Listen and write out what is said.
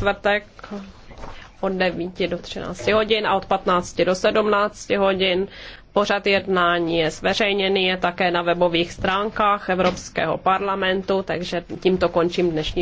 čtvrtek od 9 do 13 hodin a od 15 do 17 hodin. Pořad jednání je zveřejněný, je také na webových stránkách Evropského parlamentu, takže tímto končím dnešní